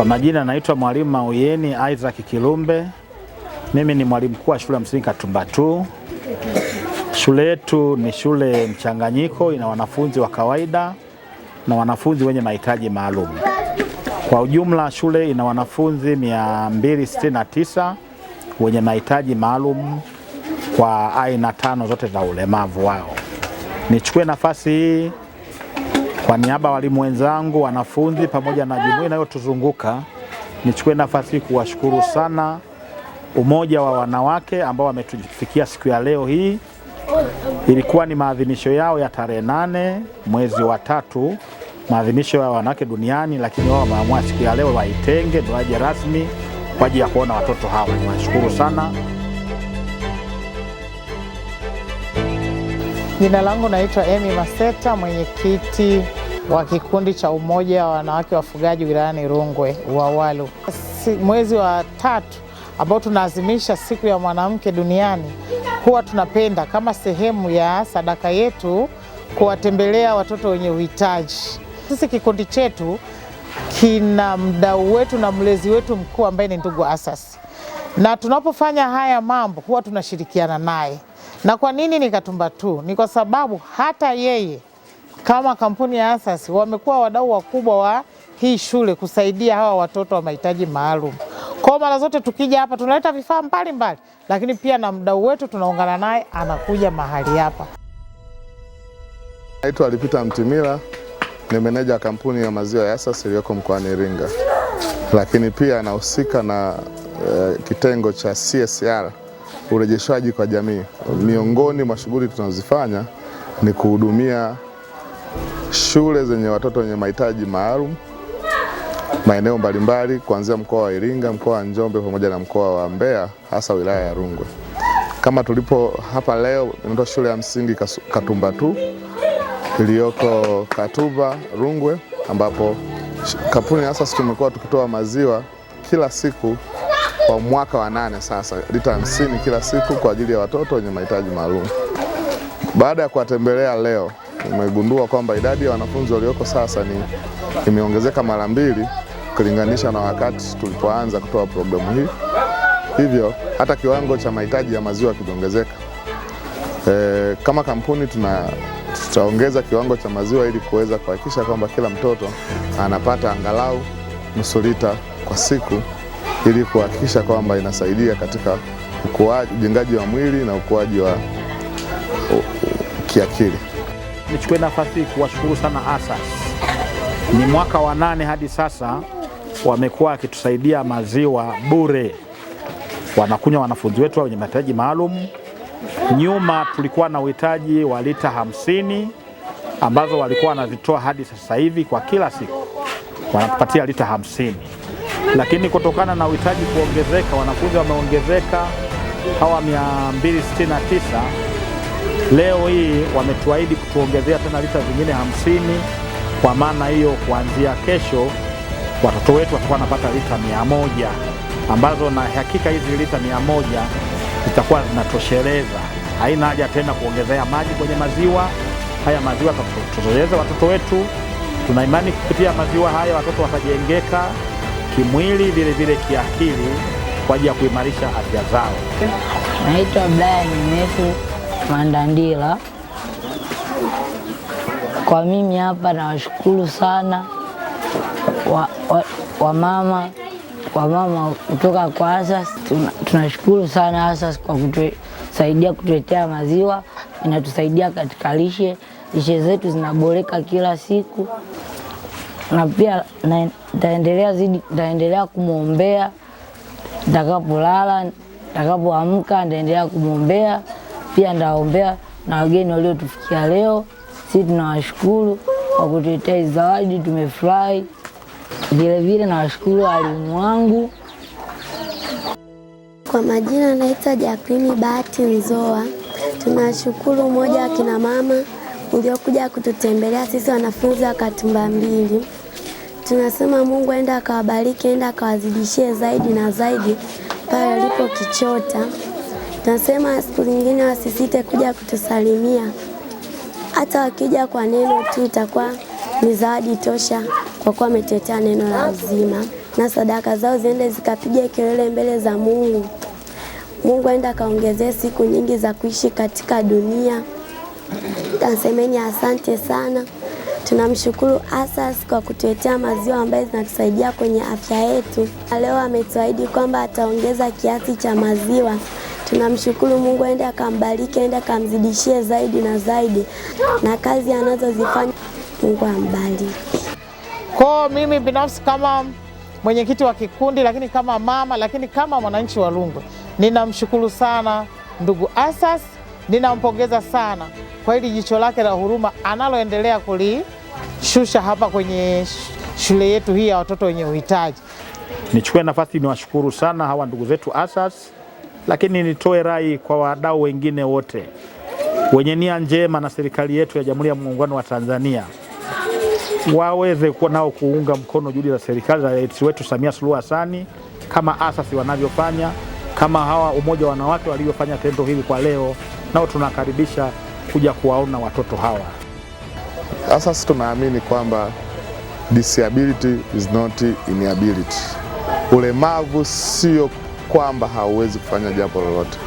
Kwa majina naitwa Mwalimu Mauyeni Isaac Kilumbe. Mimi ni mwalimu mkuu wa shule ya msingi Katumbatu. Shule yetu ni shule mchanganyiko, ina wanafunzi wa kawaida na wanafunzi wenye mahitaji maalum. Kwa ujumla, shule ina wanafunzi 269 wenye mahitaji maalum kwa aina tano zote za ulemavu wao. Nichukue nafasi hii kwa niaba ya walimu wenzangu, wanafunzi pamoja na jumuiya inayotuzunguka, nichukue nafasi hii kuwashukuru sana Umoja wa Wanawake ambao wametufikia siku ya leo hii. Ilikuwa ni maadhimisho yao ya tarehe nane mwezi wa tatu, maadhimisho ya wanawake duniani, lakini wao wameamua siku ya leo waitenge ndo waje rasmi kwa ajili ya kuona watoto hawa. Niwashukuru sana. Jina langu naitwa emi Maseta, mwenyekiti wa kikundi cha umoja wa wanawake wafugaji wilayani Rungwe wawalu Mwezi wa tatu ambao tunaazimisha siku ya mwanamke duniani, huwa tunapenda kama sehemu ya sadaka yetu kuwatembelea watoto wenye uhitaji. Sisi kikundi chetu kina mdau wetu na mlezi wetu mkuu ambaye ni ndugu Asasi, na tunapofanya haya mambo huwa tunashirikiana naye. Na kwa nini Nikatumba tu? Ni kwa sababu hata yeye kama kampuni ya ASAS wamekuwa wadau wakubwa wa hii shule kusaidia hawa watoto wa mahitaji maalum. Kwa mara zote tukija hapa tunaleta vifaa mbalimbali, lakini pia na mdau wetu tunaungana naye anakuja mahali hapa. Naitwa Alipita Mtimila, ni meneja wa kampuni ya maziwa ya ASAS iliyoko mkoani Iringa, lakini pia anahusika na uh, kitengo cha CSR urejeshaji kwa jamii. Miongoni mwa shughuli tunazozifanya ni kuhudumia shule zenye watoto wenye mahitaji maalum maeneo mbalimbali kuanzia mkoa wa Iringa, mkoa wa Njombe pamoja na mkoa wa Mbeya, hasa wilaya ya Rungwe. Kama tulipo hapa leo, inaitwa shule ya msingi katumba tu iliyoko Katuba Rungwe, ambapo kampuni hasa tumekuwa tukitoa maziwa kila siku kwa mwaka wa nane sasa, lita hamsini kila siku kwa ajili ya watoto wenye mahitaji maalum. Baada ya kuwatembelea leo umegundua kwamba idadi ya wanafunzi walioko sasa ni imeongezeka mara mbili ukilinganisha na wakati tulipoanza kutoa programu hii, hivyo hata kiwango cha mahitaji ya maziwa kimeongezeka. E, kama kampuni tuna tutaongeza kiwango cha maziwa ili kuweza kuhakikisha kwamba kila mtoto anapata angalau nusu lita kwa siku ili kuhakikisha kwamba inasaidia katika ukuaji, ujengaji wa mwili na ukuaji wa kiakili nichukue nafasi kuwashukuru sana ASAS. Ni mwaka wa nane hadi sasa wamekuwa wakitusaidia maziwa bure, wanakunywa wanafunzi wetu wenye mahitaji maalum. Nyuma tulikuwa na uhitaji wa lita hamsini ambazo walikuwa wanazitoa hadi sasa hivi kwa kila siku wanatupatia lita hamsini, lakini kutokana na uhitaji kuongezeka, wanafunzi wameongezeka hawa 269 Leo hii wametuahidi kutuongezea tena lita zingine hamsini. Kwa maana hiyo, kuanzia kesho watoto wetu watakuwa wanapata lita mia moja ambazo na hakika hizi lita mia moja zitakuwa zinatosheleza. Haina haja tena kuongezea maji kwenye maziwa haya. Maziwa tutatosheleza watoto wetu. tunaimani kupitia maziwa haya watoto watajengeka kimwili, vile vile kiakili, kwa ajili ya kuimarisha afya zao. Naitwa Brian Mefu. Mandandila. Kwa mimi hapa nawashukuru sana wamama wa, wa mama kutoka kwa Asas tunashukuru tuna sana Asas kwa kutusaidia kutuletea maziwa, inatusaidia katika lishe, lishe zetu zinaboreka kila siku, na pia nitaendelea zidi, nitaendelea kumwombea ntakapolala ntakapoamka ndaendelea kumwombea. Pia ndaombea na wageni waliotufikia leo, sisi tunawashukuru kwa kutuletea zawadi, tumefurahi. Vilevile nawashukuru walimu wangu. Kwa majina naitwa Jacqueline Bahati Nzoa. Tunashukuru umoja wa kina mama uliokuja kututembelea sisi wanafunzi wa Katumba mbili. Tunasema Mungu aenda akawabariki, aenda akawazidishie zaidi na zaidi pale kichota Nasema siku zingine wasisite kuja kutusalimia, hata wakija kwa neno tu itakuwa ni zawadi tosha, kwa kuwa wametetea neno la uzima, na sadaka zao ziende zikapiga kelele mbele za Mungu. Mungu aenda akaongezee siku nyingi za kuishi katika dunia. Tasemeni asante sana. Tunamshukuru Asas kwa kutuletea maziwa ambayo zinatusaidia kwenye afya yetu. Leo ametuahidi kwamba ataongeza kiasi cha maziwa. Tunamshukuru Mungu, aende akambariki, aende akamzidishie zaidi na zaidi, na kazi anazozifanya Mungu ambariki. Kwa mimi binafsi kama mwenyekiti wa kikundi, lakini kama mama, lakini kama mwananchi wa lungwe ninamshukuru sana ndugu Asas, ninampongeza sana kwa hili jicho lake la huruma analoendelea kulishusha hapa kwenye shule yetu hii ya watoto wenye uhitaji. Nichukue nafasi niwashukuru sana hawa ndugu zetu Asas lakini nitoe rai kwa wadau wengine wote wenye nia njema na serikali yetu ya Jamhuri ya Muungano wa Tanzania waweze nao kuunga mkono juhudi za serikali za rais wetu Samia Suluhu Hassan kama asasi wanavyofanya, kama hawa umoja wa wanawake walivyofanya tendo hili kwa leo, nao tunakaribisha kuja kuwaona watoto hawa. Asasi tunaamini kwamba disability is not inability, ulemavu sio kwamba hauwezi kufanya jambo lolote.